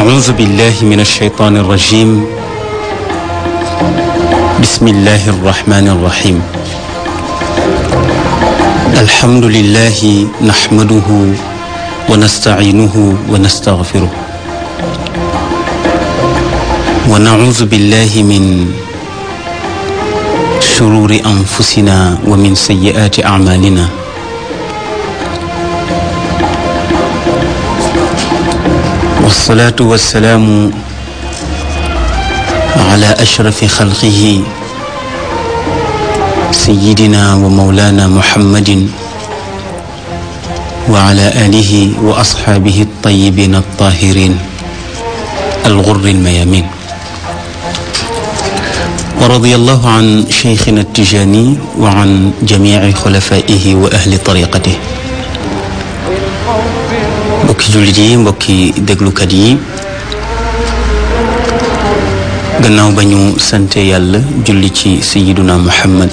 أعوذ بالله من الشيطان الرجيم بسم الله الرحمن الرحيم الحمد لله نحمده ونستعينه ونستغفره ونعوذ بالله من شرور أنفسنا ومن سيئات أعمالنا wasalaatu wasalaamu ala ashrafi xalqihi sayidina wa maulana muhammadin wa ala alihi wa asxaabihi altayibin altahirin algurri almayamin wa radi allahu an cheikhina altijani wa an jamici xulafaihi wa ahli tariqatihi mbokki jullit yi mbokki déglukat yi gannaaw ba ñu sante yàlla julli ci sayiduna muhammad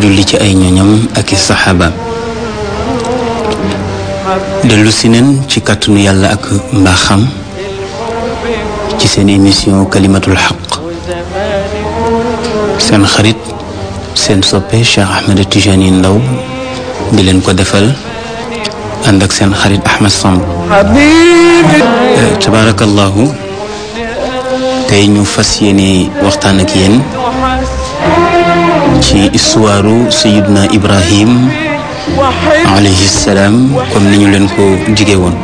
julli ci ay ñoñam ak i saxaaba dellu si neen ci kàttanu yàlla ak mbaaxam ci seen émission kalimatul xaq seen xarit seen soppe Cheikh Ahmed Tijani Ndaw di leen ko defal ànd ak seen xarit Ahmed Samb euh, tabaarakallaahu tey ñu fas yéene waxtaan ak yéen ci histoire Sayyidna Ibrahim alayhi salaam comme ni ñu leen ko jige woon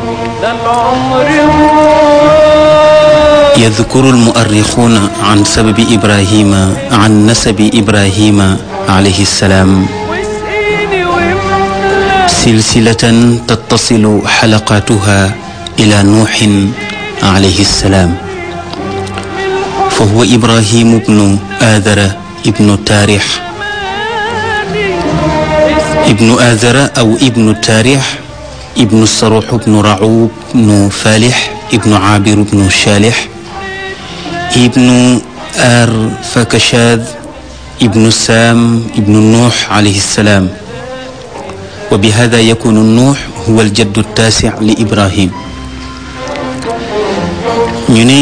yadkuru almuarrixuuna an sababi Ibrahima an nasabi Ibrahima alayhi salaam silsilatan tattasilu xalaqaatuha ila nuuxin alayhi salaam fa huwa ibrahimu bnu aadara ibnu taarix ibnu aadara aw ibnu taarix ibnu saruux bnu racuub bnu faalix ibnu caabiru bnu shaalix ibnu aar fakashaad ibnu saam ibnu nuux alayhi salaam wa bi hada yakunu nuux huwa aljaddu taasi li ibrahim ñu ne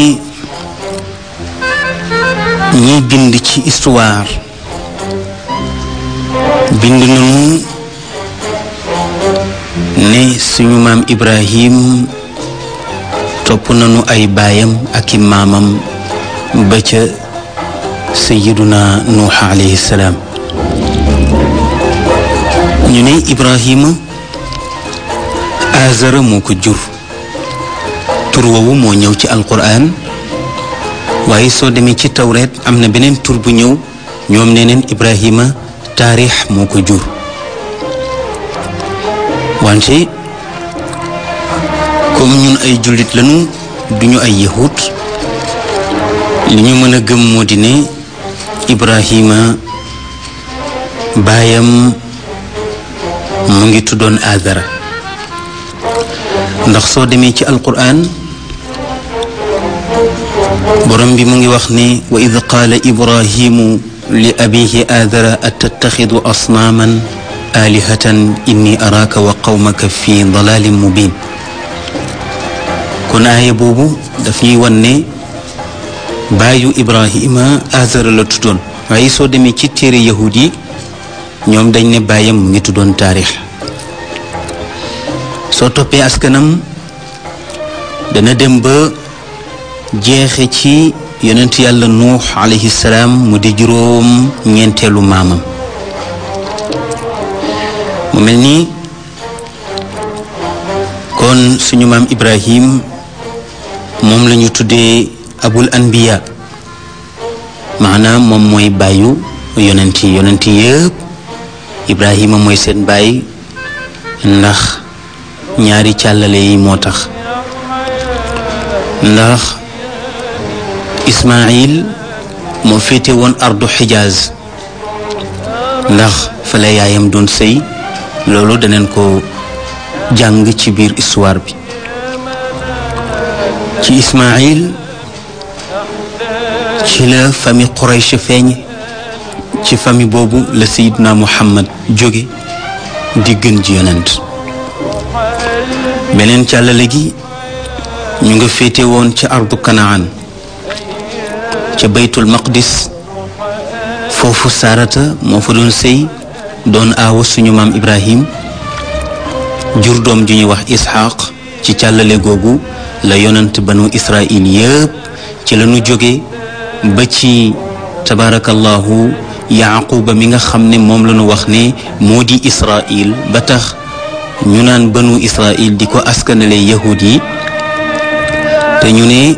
ñiy bind ci histoire bind nañu ne suñu maam ibrahim topp nañu ay baayam ak i maamam ba ca sayiduna nuux alayhi salaam ñu ne Ibrahima Azara moo ko jur tur woowu moo ñëw ci alquran waaye soo demee ci tawreet am na beneen tur bu ñëw ñoom nee neen Ibrahima taarix moo ko jur wante comme ñun ay jullit lañu duñu ay yahut li ñu mën a gëm moo di ne Ibrahima baayam mu ngi tuddoon aazara ndax soo demee ci alquraan borom bi mu ngi wax ni wa id qaala ibrahimu li abihi aazara atattaxidu asnaaman alihatan inni araaka wa qawmaka fi dalalin mubin kon aaya boobu daf ñuy wan baayu ibrahima aazara la tuddoon waaye soo demee ñoom dañ ne bàyyam mu ngi tuddoon taarix soo toppee askanam dana dem ba jeexe ci yonent yàlla nuux alayhi mu di juróom ñeenteelu maamam mu mel ni kon suñu maam Ibrahim moom lañu tuddee abul anbiya maanaam moom mooy bàyyu yonent yi yonent yëpp ibrahima mooy seen baay ndax ñaari càllale yi moo tax ndax ismail moo féete woon ardu xijaaz ndax fa la yaayam doon sëy loolu daneen ko jàng ci biir histoire bi ci ismail ci la famille Quraysh feeñ ci famille boobu la sayidna muhammad jóge di gën ji yonent beneen càllale gi ñu nga féete woon ca ardu kanaan ca baytul maqdis foofu saarata moo fa doon sëy doon aawa suñu maam ibrahim jur doom ju ñuy wax isxaq ci càllale googu la yonent banu israil yëpp ci la jóge ba ci tabaarakallahu yaaquba mi nga xam ne moom lañu wax ne moo di israil ba tax ñu naan banu israil di ko askanale yahud yi te ñu ne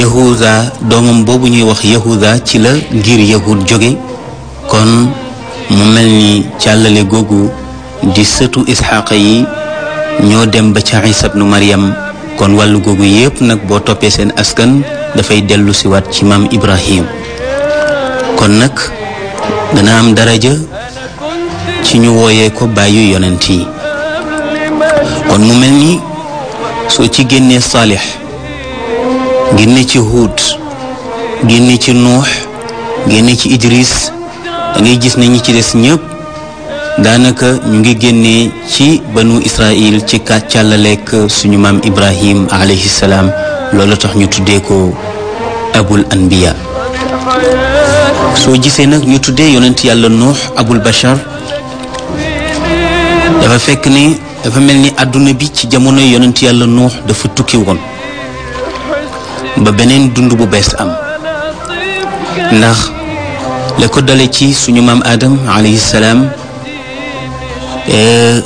yahuda doomam boobu ñuy wax yahuda ci la ngir yahud jóge kon mu mel ni càllale googu di sëtu isxaaqa yi ñoo dem ba ca isa bnu maryam kon wàll googu yépp nag boo toppee seen askan dafay dellu siwaat ci maam ibrahim kon nag dana am daraja ci ñu wooyee ko bàyyi yonent yi kon mu mel ni soo ci génnee saalix génne ci huud génne ci nuux génne ci idris dangay gis ne ñi ci des ñëpp daanaka ñu ngi génnee ci banu israil ci kàccàllaleek suñu maam ibrahim alayhi salaam loolu tax ñu tuddee ko abul anbiya soo gisee nag ñu tuddee yonent yàlla nuux abul bashar dafa fekk ni dafa mel ni àdduna bi ci jamono yonent yàlla nuux dafa tukki woon ba beneen dund bu bees am ndax lekko dale ci suñu maam Adam alayhi salaam e,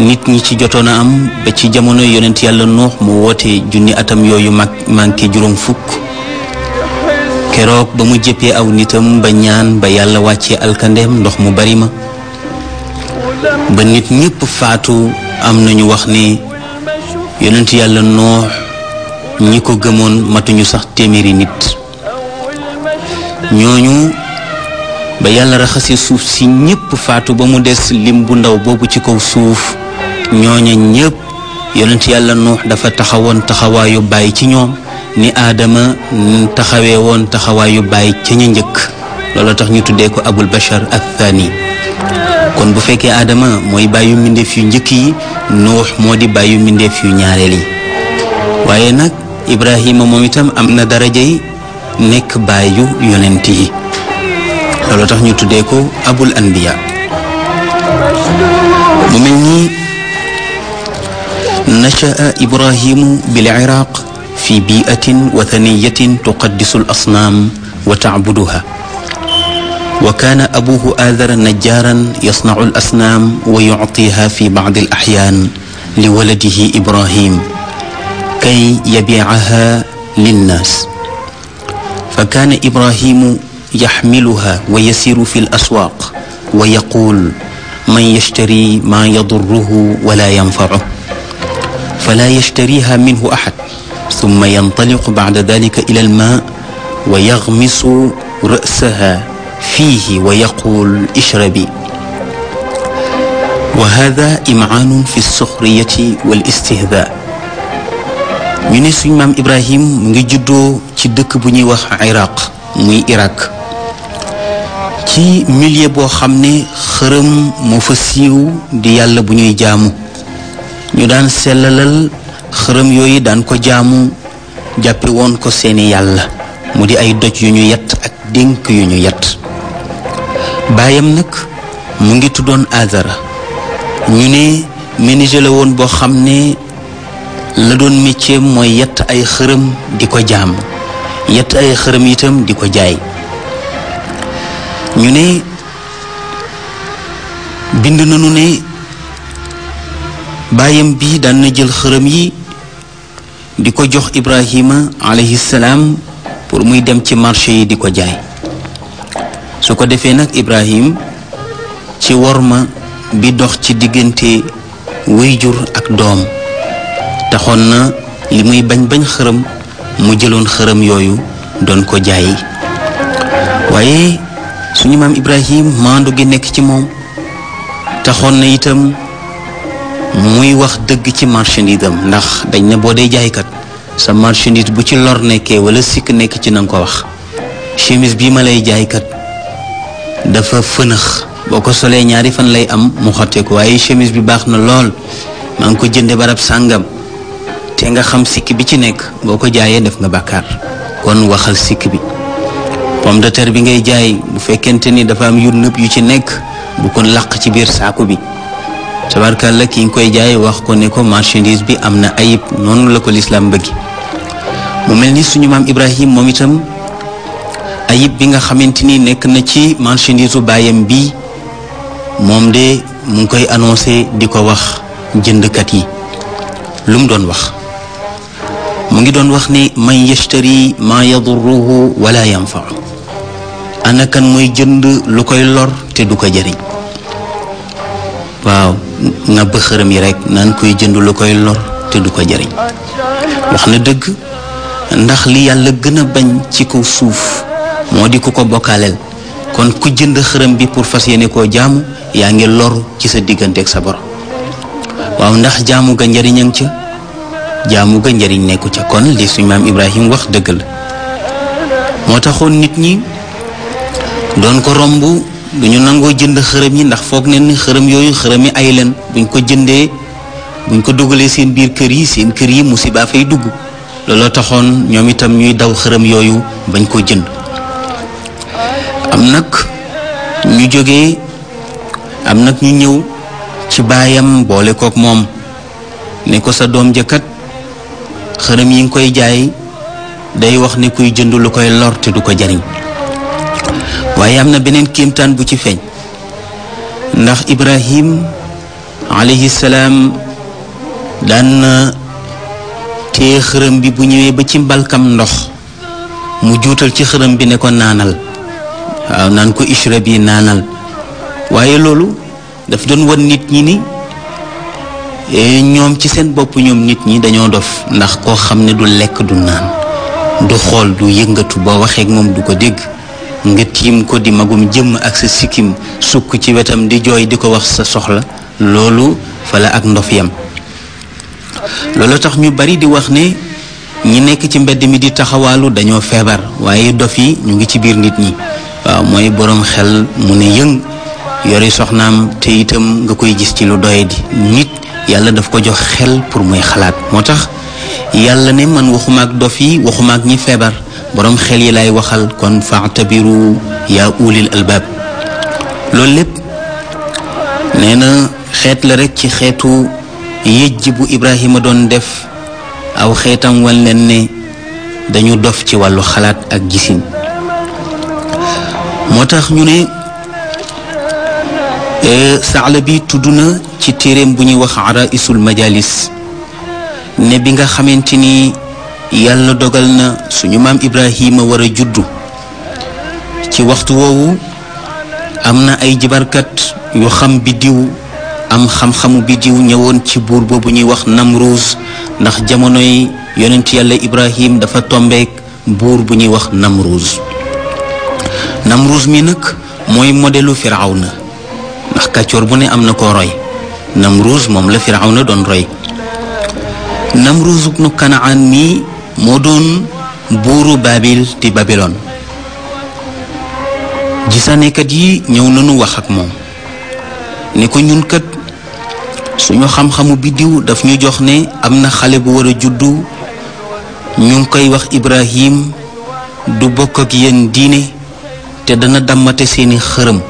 nit ñi ci jotoon a am ba ci jamono yonent yàlla nuux mu woote junni atam yooyu mag manqué juróom fukk keroog ba mu jëppee aw nitam ba ñaan ba yàlla wàcce alkandeem ndox mu bari ma ba nit ñépp faatu am nañu wax ni yonent yàlla noox ñi ko gëmoon matuñu sax téeméeri nit ñooñu ba yàlla raxasee suuf si ñépp faatu ba mu des lim bu ndaw boobu ci kaw suuf ñooña ñépp yonent yàlla noox dafa taxawoon taxawaayu bàyyi ci ñoom ni aadama taxawee woon taxawaayu bàyyi ca njëkk loolu tax ñu tuddee ko abul bashar athani kon bu fekkee aadama mooy bàyyu mbindeef yu njëkk yi nuux moo di bàyyu mbindeef yu ñaareel yi waaye nag ibrahima moom itam am na darajay nekk bàyyu yonent yi loolu tax ñu tuddee ko abul anbiya mu mel ni nachaa ibrahimu bil iraq fi bii'atin wathaniyatin tuqaddisu al-asnaam wa ta'buduha wa kaana abuuhu aadara najjaaran yasnacu al-asnaam wa yuctiiha fi bacdi al-axyaan li waladihi ibrahim kay yabiicaha linnaas fa kaana ibrahimu yaxmiluha wa yasiiru fi al-aswaaq wa yaquul man yashtari maa yadurruhu wala yanfacuhu falaa yashtariha minhu axad summa yantaliqu bacda dalika ila almaa wa yaxmisu ra'saha fiihi wa yaquul ishrabi wa hada imcaanun fi suxriyati wal istihdaa ñu ne suñ maam Ibrahim mu ngi juddoo ci dëkk bu ñuy wax Iraq muy Irak ci milieu boo xam ne xërëm moo fa siiw di yàlla bu ñuy jaamu ñu daan sellalal xërëm yooyu daan ko jaamu jàppe woon ko seeni yàlla mu di ay doj yu ñu yett ak dénk yu ñu yett baayam nag mu ngi tuddoon aasara ñu ne menuisier woon boo xam ne la doon métier mooy yet ay xërëm di ko jaam yett ay xërëm yitam di ko jaay ñu ne bind nañu ne baayam bi daan na jël xërëm yi di ko jox Ibrahima alayhi salaam pour muy dem ci marché yi di ko jaay su ko defee nag Ibrahim ci worma bi dox ci diggante wéyjur ak doom taxoon na li muy bañ bañ xërëm mu jëloon xërëm yooyu doon ko jaay waaye suñu maam Ibrahim maandu gi nekk ci moom taxoon na itam muy wax dëgg ci marchandise am ndax dañ ne boo dee jaaykat sa marchandise bu ci lor nekkee wala sikk nekk ci nanga ko wax chemise bi ma lay jaaykat dafa fënax boo ko solee ñaari fan lay am mu xotteeku waaye chemise bi baax na lool maa ngi ko jënde barab sàngam te nga xam sikk bi ci nekk boo ko jaayee def nga bàkkaar kon waxal sikk bi pomme de bi ngay jaay bu fekkente ni dafa am yu nëb yu ci nekk bu kon làq ci biir saaku bi tabarkalla ki nga koy jaay wax ko ne ko marchandise bi am na ayib noonu la ko lislaam bëgg mu mel ni suñu maam Ibrahim moom itam ayib bi nga xamante ni nekk na ci marchandise baayam bi moom de mu ngi koy annoncé di ko wax jëndkat yi lu doon wax mu ngi doon wax ne man yashtari ma yadurruhu wala yanfa anakan mooy jënd lu koy lor te du ko jëriñ waaw na ba xërëm yi rek naan kuy jënd lu koy lor te du ko jariñ wax na dëgg ndax li yàlla gën a bañ ci kaw suuf moo di ku ko bokkaaleel kon ku jënd xërëm bi pour fas yéene koo jàmm yaa ngi lor ci sa diggante ak sa borom waaw ndax jaamu ga njariñam ca jaamu ga njariñ nekku ca kon li suñ maam Ibrahim wax dëgg la moo taxoon nit ñi doon ko romb du ñu nangoo jënd xërëm yi ndax foog neen ni xërëm yooyu xërëm yi ay leen buñ ko jëndee buñ ko dogalee seen biir kër yi seen kër yi musiba fay dugg looloo taxoon ñoom itam ñuy daw xërëm yooyu bañ koo jënd am nag ñu jógee am nag ñu ñëw ci baayam boole kook moom ne ko sa doom jëkkat xërëm yi nga koy jaay day wax ne kuy jënd lu koy lor te du ko jariñ waaye am na beneen kéemtaan bu ci feeñ ndax Ibrahim alayhi salaam daan na tee xërëm bi bu ñëwee ba ci mbalkam ndox mu juutal ci xërëm bi ne ko naanal waaw naan ko ishra bi naanal waaye loolu daf doon wan nit ñi ni e, ñoom ci seen bopp ñoom nit ñi dañoo dof ndax koo xam ne du lekk du naan du xool du yëngatu boo waxee moom du ko dégg nga tiim ko di magum jëmm ak sa sikkim sukk ci wetam di jooy di ko wax sa soxla loolu fala ak ndof yam loolu tax ñu bari di wax ne ñi nekk ci mbedd mi di taxawaalu dañoo feebar waaye dof yi ñu ngi ci biir nit ñi waaw mooy boroom xel mu ne yëng yore soxnaam te itam nga koy gis ci lu doye di nit yàlla daf ko jox xel pour muy xalaat moo tax yàlla ne man waxuma ak dof yi waxuma ñi feebar boroom xel yi lay waxal kon faatabiru yaa ulil albaab loolu lépp nee na xeet la rekk ci xeetu yëjj bu Ibrahima doon def aw xeetam wan leen ne dañu dof ci wàllu xalaat ak gisin moo tax ñu ne e, saxla bi tudd na ci téeréem bu ñuy wax araisul majalis ne bi nga xamante yàlla dogal na suñu maam Ibrahima war a juddu ci waxtu woowu am na ay jibarkat yu xam biddiw am xam-xamu biddiw ñëwoon ci buur bu ñuy wax Namruus ndax jamonoy yonent yàlla Ibrahim dafa tombeek buur bu ñuy wax Namruus Namruus mi nag mooy modelu Firawna ndax kàccoor bu ne am na ko roy Namruus moom la na doon roy Namruus ibnu Kanaan mi moo doon buuru baabil di babilon gisaanekat yi ñëw nañu wax ak moom ni ko ñun kat suñu xam-xamu biddiw daf ñu jox ne am na xale bu war a juddu ñu ngi koy wax Ibrahim du bokk ak yéen diine te dana dàmmate seeni xërëm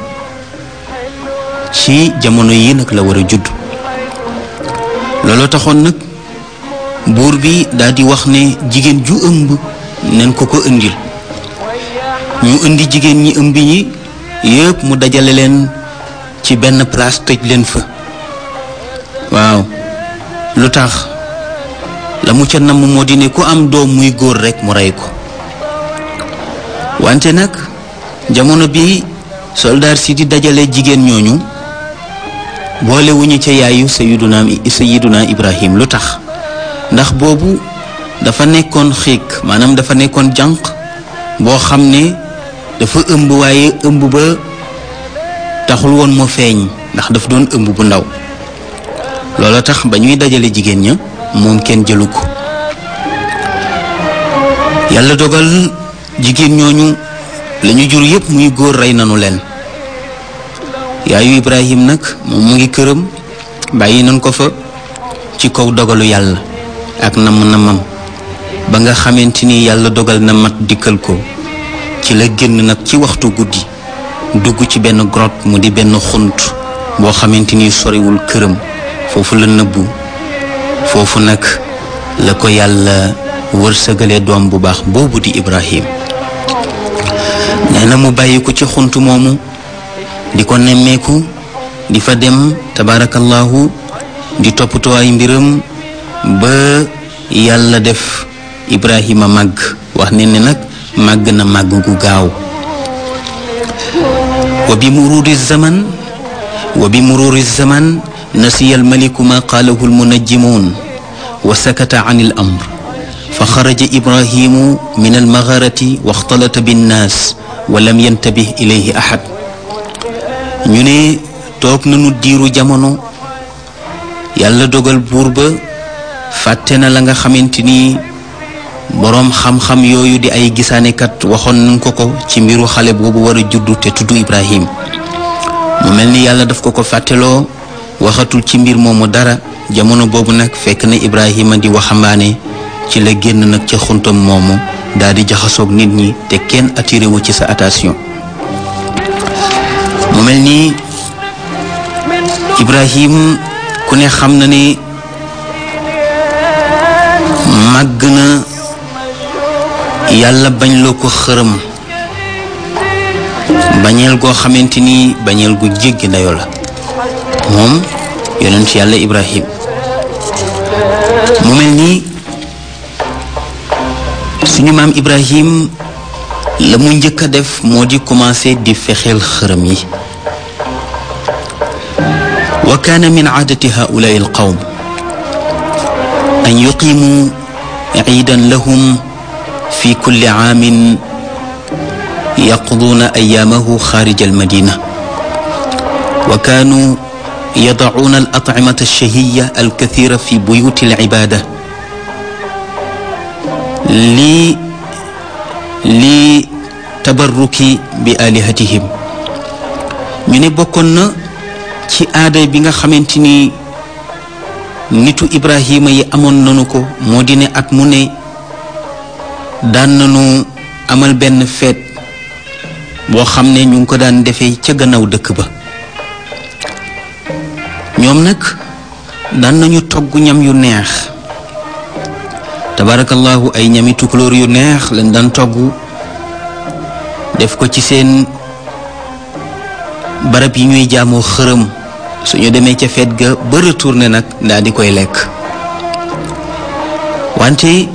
ci jamono yi nag la war a judd looloo taxoon nag buur bi daldi wax ne jigéen ju ëmb nen ko ko indil ñu indi jigéen ñi ëmb ñi yëpp mu dajale leen ci benn place tëj leen fa waaw lu tax la mu ca namm moo di ne ku am doom muy góor rekk mu rey ko wante nag jamono bi soldaar si di dajale jigéen ñooñu boolewuñu ca yaayu sayiduna sayiduna Ibrahim lu tax ndax boobu dafa nekkoon xiik maanaam dafa nekkoon jànq boo xam ne dafa ëmb waaye ëmb ba taxul woon mu feeñ ndax dafa doon ëmb bu ndaw loola tax ba ñuy dajale jigéen ña moom kenn jëlu ko yàlla dogal jigéen ñooñu lañu jur yépp muy góor rey nanu leen yaayu Ibrahim nag moom mu ngi këram bàyyi nañ ko fa ci kaw dogalu yàlla ak namm-namam ba nga xamante ni yàlla dogal na mat dikkal ko ci la génn nag ci waxtu guddi dugg ci benn grotte mu di benn xunt boo xamante ni soriwul këram foofu la nëbbu foofu nag la ko yàlla wërsëgalee doom bu baax boobu di Ibrahim nee mu bàyyi ci xunt moomu di ko nemmeeku di fa dem tabaarakallaahu di toppatoo ay mbiram ba yàlla def Ibrahima màgg wax ne ne nag màgg na màgg gu gaaw wa bi mururi zaman wa bi mururi zaman nasiya almaliku ma qaalahu almunajjimuun wa sakata an il amr fa xaraja ibrahimu min almagarati wa xtalata binnaas wa lam yantabih ilayhi ahad ñu ne toog nañu diiru jamono yàlla dogal buur ba fàtte na la nga xamante ni boroom xam-xam yooyu di ay gisaane kat waxoon nañ ko ko ci mbiru xale boobu war a juddu te tudd Ibrahim mu mel ni yàlla daf ko ko fàtteeloo waxatul ci mbir moomu dara jamono boobu nag fekk na Ibrahima di waxambaane ci la génn nag ca xuntam moomu daal di jaxasoog nit ñi te kenn attiré wu ci sa attention mu mel ni Ibrahim ku ne xam na ni màgg na yàlla bañ loo ko xërëm bañeel goo xamante ni bañeel gu jéggi dayoo la moom yonent yàlla Ibrahim mu mel nii suñu maam Ibrahim la mu njëkk a def moo di commencé di fexeel xërëm yi wa kaana min aadati haulaai alqawm an yuqimu ciidan lahum fi kulli aamin yaqduuna ayaamahu xaarij almadina wa kaanu yadacuuna alatcimata alshahiya alkathira fi buyuti alcibaada li li tabarruki bi alihatihim ñu ne bokkoon na ci aada bi nga xamante ni nitu Ibrahima yi amoon nanu ko moo di ne at mu ne daan nanu amal benn feet boo xam ne ñu ngi ko daan defee ca gannaaw dëkk ba ñoom nag daan nañu togg ñam yu neex tabaarakallaahu ay ñamitu tukulóor yu neex lañ daan togg def ko ci seen barab yi ñuy jaamoo xërëm su ñu demee ca feet ga ba retourné nag daal di koy lekk wante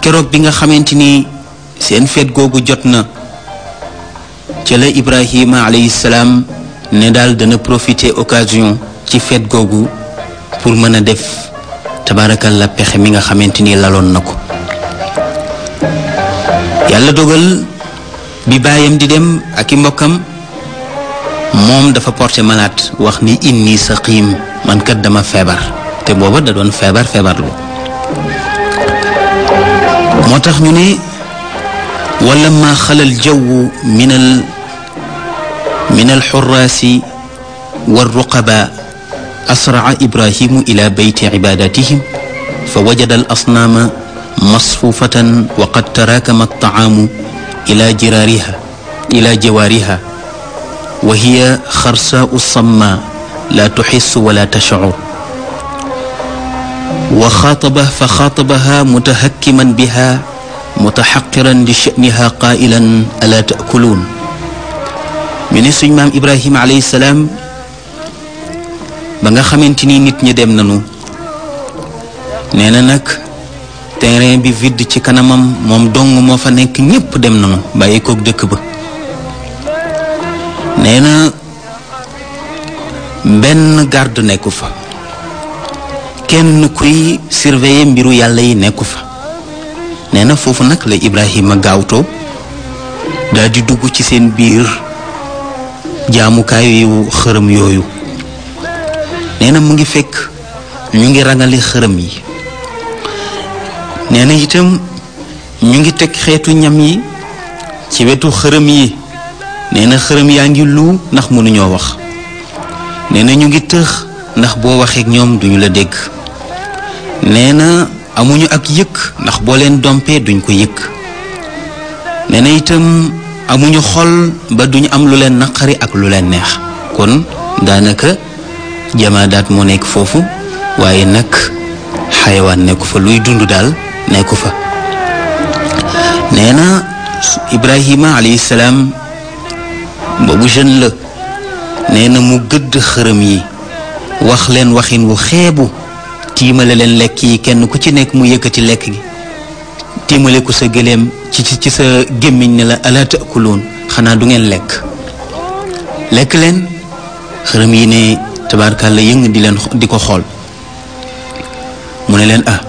keroog bi nga xamante ni seen feet googu jot na ca la Ibrahima alayhi ne daal dana profiter occasion ci feet googu pour mën a def tabaarakal la pexe mi nga xamante ni laloon na ko yàlla dogal bi baayam di dem ak i mbokkam moom dafa porté malade wax ni inni saqiim man kat dama feebar te booba da doon feebar feebarlu moo tax ñu ne wala ma xalal jawwu min al min al xuraasi wa ruqaba asraa ibrahimu ila beyti ibadatihim fa wajada al asnaama masfuufatan wa qad taraakama altaamu ila jiraariha ila jawaariha wa hiya xarsaau samma laa tuxissu wala tashcur wa xaataba fa xaatabaha mutahakkiman biha mutaxaqiran li sha'niha qaa'ilan alaa ta'kuluun ñu ne suñ maam Ibrahima alayhi salaam ba nga xamante ni nit ñi dem nañu nee na nag terrain bi vide ci kanamam moom dong moo fa nekk ñépp dem nañu bàyyi koog dëkk ba. nee na benn garde nekku fa kenn kuy surveiller mbiru yàlla yi nekku fa nee na foofu nag la Ibrahima gaawtoo daldi dugg ci seen biir jaamukaay yu xërëm yooyu nee mu ngi fekk ñu ngi rangali xërëm yi nee na itam ñu ngi teg xeetu ñam yi ci wetu xërëm yi nee na xërëm yaa ngi lu ndax mënuñoo wax nee na ñu ngi tëx ndax boo waxee ñoom duñu la dégg nee na amuñu ak yëkk ndax boo leen dompee duñ ko yëkk nee na itam amuñu xol ba duñu am lu leen naqari ak lu leen neex kon daanaka jamaadaat moo nekk foofu waaye nag xayawaan nekku fa luy dund daal nekku fa nee na Ibrahima boobu jeune la nee na mu gëdd xërëm yi wax leen waxin wu xeebu tiimale leen lekk yi kenn ku ci nekk mu yëkkati lekk gi tiimale ko sa gëléem ci ci sa gémmiñ ne la ala taakuluun xanaa du ngeen lekk lekk leen xërëm yi ne tabaarkàlla yëng di leen di ko xool mu ne leen a ah,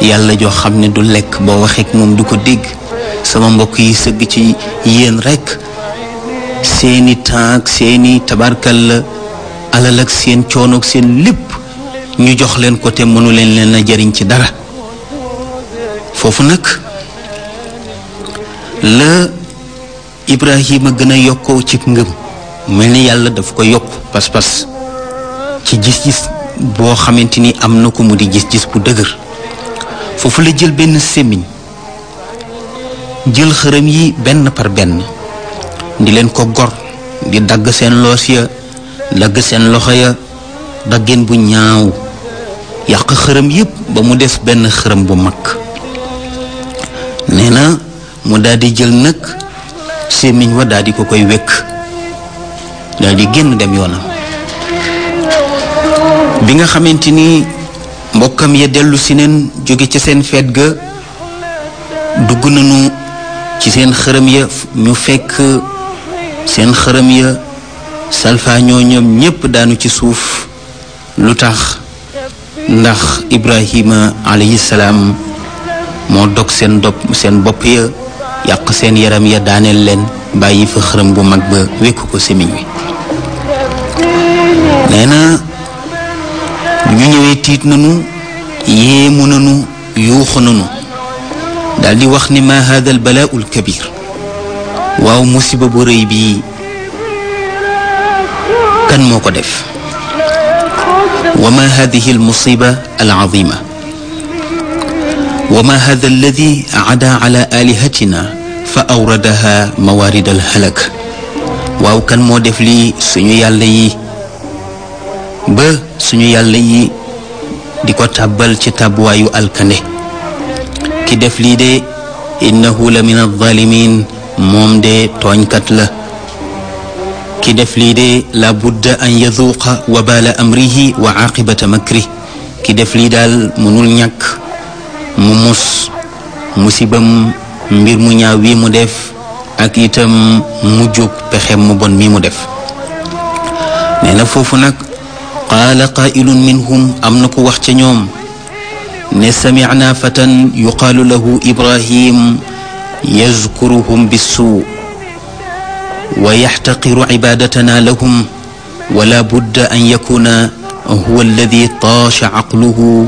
yàlla joo xam ne du lekk boo waxeek moom du ko dégg sama mbokk yi sëgg ci yéen rekk seeni temps seeni tabarkal la alal ak seen coono seen lépp ñu jox leen ko te mënu leen leen a jariñ ci dara foofu nag la Ibrahima gën a yokkoo ci ngëm mel ni yàlla daf ko yokk pas-pas ci gis-gis boo xamante ni am na ko mu di gis-gis bu dëgër foofu la jël benn sémmiñ jël xërëm yi benn par benn di leen ko gor di dagg seen loos ya dagg seen loxo ya daggeen bu ñaaw yàq xërëm yépp ba mu des benn xërëm bu mag nee na mu daldi jël nag sémmiñ wa daldi ko koy wékk daldi génn dem yoonam bi nga xamante ni mbokkam ya dellusi si neen jóge ca seen feet ga dugg nañu ci seen xërëm ya ñu fekk seen xërëm ya salfaañoo ñoom ñépp daanu ci suuf lu tax ndax ibrahima alayhi salaam moo dog seen dop seen bopp ya yàq seen yaram ya daaneel leen bàyyi fa xërëm bu mag ba wékku ko semiñ wi nee na ñu ñëwee tiit nanu yéemu nanu yuuxu nanu daldi wax ni ma hada kabir waaw musiba bu rëy bii kan moo ko def wa ma hadihi al musiba al azima wa ma hada alladi ada ala alihatina fa awradaha mawarid al halak waaw kan moo def lii suñu yàlla yi ba suñu yàlla yi di ko tàbbal ci tàbbuwaayu alkande ki def lii de innahu la min alzalimin moom de tooñkat la ki def lii de la budda an yaduuqa wabaala amrihi wa aaqibata makri ki def lii daal mënul ñàkk mu mus musibam mbir mu ñaaw wi mu def ak itam mu mujjug pexem mu bon mi mu def nee na foofu nag qaala qaailun minhum am na ku wax ca ñoom ne samicnaa fatan yuqaalu lahu ibrahim yazkuruhum bissuu wa yaxtaqiru cibaadatana lahum wala budda an yakuna huwa alladi taasha caqluhu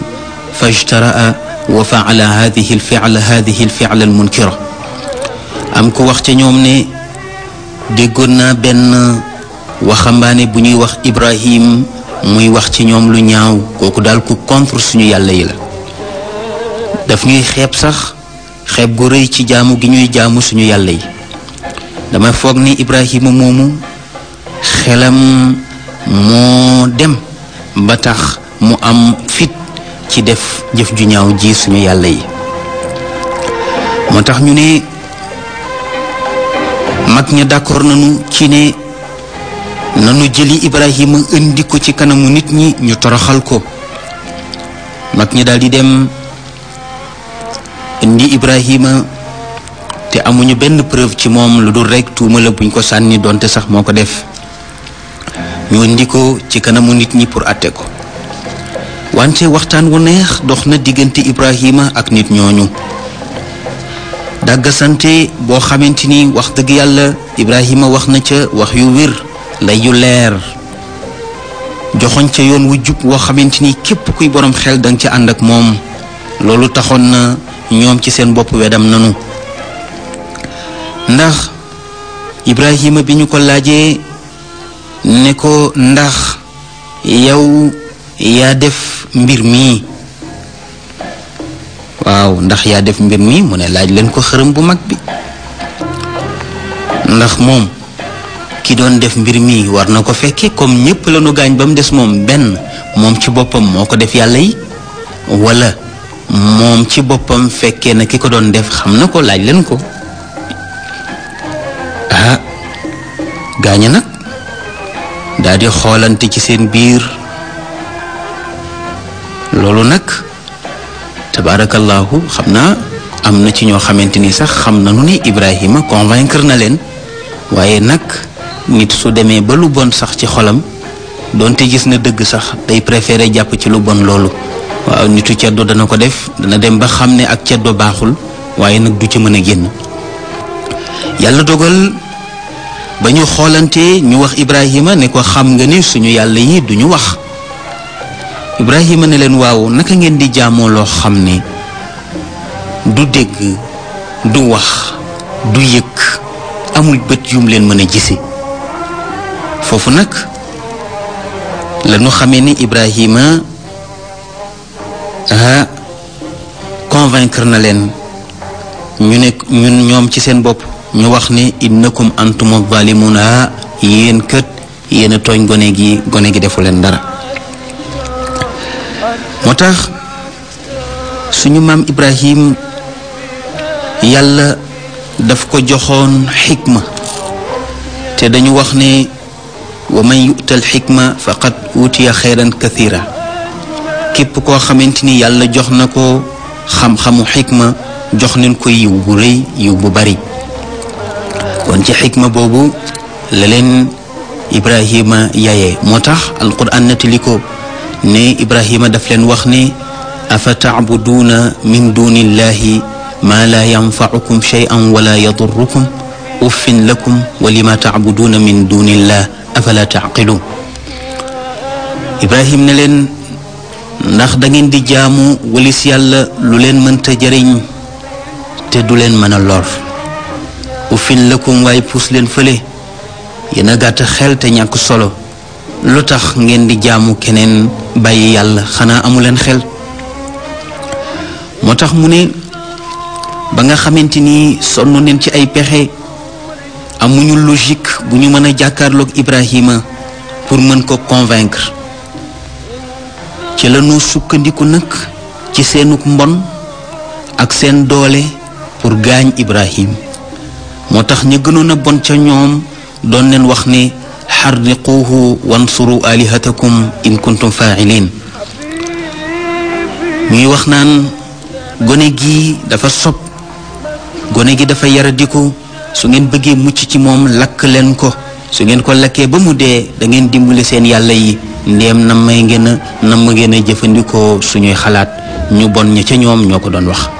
fajtaraa wa facala hadihi alficla hadihi alficla almunkira am ku wax ca ñoom ne déggoon naa benn waxambaane bu ñuy wax Ibrahim muy wax ci ñoom lu ñaaw kooku daal ku contre suñu yàlla yi la daf ñuy xeeb sax xeeb gu rëy ci jaamu gi ñuy jaamu suñu yàlla yi dama foog ni Ibrahima moomu xelam moo dem ba tax mu am fit ci def jëf ju ñaaw ji suñu yàlla yi moo tax ñu ne mag ña d'accord nañu ci ne nanu jëli Ibrahima indi ko ci kanamu nit ñi ñu toroxal ko mag ñi daal dem indi Ibrahima te amuñu benn preuve ci moom lu dul rekk tuuma la buñ ko sànni donte sax moo ko def ñu indi ko ci kanamu nit ñi pour àtte ko wante waxtaan wu neex dox na diggante Ibrahima ak nit ñooñu dàggasante boo xamante ni wax dëgg yàlla Ibrahima wax na ca wax yu wér lay yu leer joxoñ ca yoon wu jub woo xamante ni képp kuy boroom xel danga ca ànd ak moom. loolu taxoon na ñoom ci seen bopp wedam nanu ndax Ibrahima bi ñu ko laajee ne ko ndax yow yaa def mbir mi waaw ndax yaa def mbir mi mu ne laaj leen ko xërëm bu mag bi ndax moom ki doon def mbir mi war na ko fekke comme ñépp la nu gaañ ba mu des moom benn moom ci boppam moo ko def yàlla yi walla moom ci boppam fekke na ki ko doon def xam na ko laaj leen ko ah gaaña nag daa xoolante ci seen biir loolu nag tabaarakallaahu xam naa am na ci ñoo xamante ni sax xam nañu ni Ibrahima convaincre na leen waaye nag nit su demee ba lu bon sax ci xolam doonte gis na dëgg sax day préféré jàpp ci lu bon loolu waaw nitu ceddo dana ko def dana dem ba xam ne ak doo baaxul waaye nag du ci mën a génn yàlla dogal ba ñu xoolante ñu wax Ibrahima ne ko xam nga ni suñu yàlla yi duñu wax Ibrahima ne leen waaw naka ngeen di jàmmoo loo xam ne du dégg du wax du yëg amul bët yum leen mën a gise foofu nag lañu xamee ni Ibrahima ah convaincre na leen ñu ne ñu ñoom ci seen bopp ñu wax ni kom antum zalimuna yéen kët yéen a tooñ gone gi gone gi defu leen dara moo tax suñu maam Ibrahim yàlla daf ko joxoon xikma te dañu wax ne wa man yu'tal xikma faqad utiya xayran kathira képp koo xamante ni yàlla jox na ko xamxamu xamu xikma jox nañ ko yiw bu rëy yiw bu bari kon ci xikma boobu la leen Ibrahima yaye moo tax alquran nettali ko ne Ibrahima daf leen wax ne afa tacbuduuna min duuni illahi maa laa yanfacukum cheyan wala yadurukum uffin lakum wa lima tacbuduuna min duuni illah afala tacqiluun ndax da ngeen di jaamu walis yàlla lu leen mënta jariñ te du leen mën a fin la ko waaye puus leen fële yéen a gàtt xel te ñàkk solo lu tax ngeen di jaamu keneen bàyyi yàlla xanaa amu leen xel moo tax mu ne ba nga xamante ni sonn neen ci ay pexe amuñu logique bu ñu mën a jàkkaarloog Ibrahima pour mën ko convaincre ci lañu sukkandiku nag ci seenug mbon ak seen doole pour gaañ Ibrahim moo tax ñu gënoon a bon ca ñoom doon leen wax ne xarriquuhu wansuru alihatakum in kuntum faa'iliin ñuy wax naan gone gi dafa sob gone gi dafa yaradiku su ngeen bëggee mucc ci moom lakk leen ko su ngeen ko lakkee ba mu dee da ngeen dimbali seen yàlla yi ndéem nam may ngeen a nam ma ngeen a jëfandikoo suñuy xalaat ñu bon ña ca ñoom ñoo ko doon wax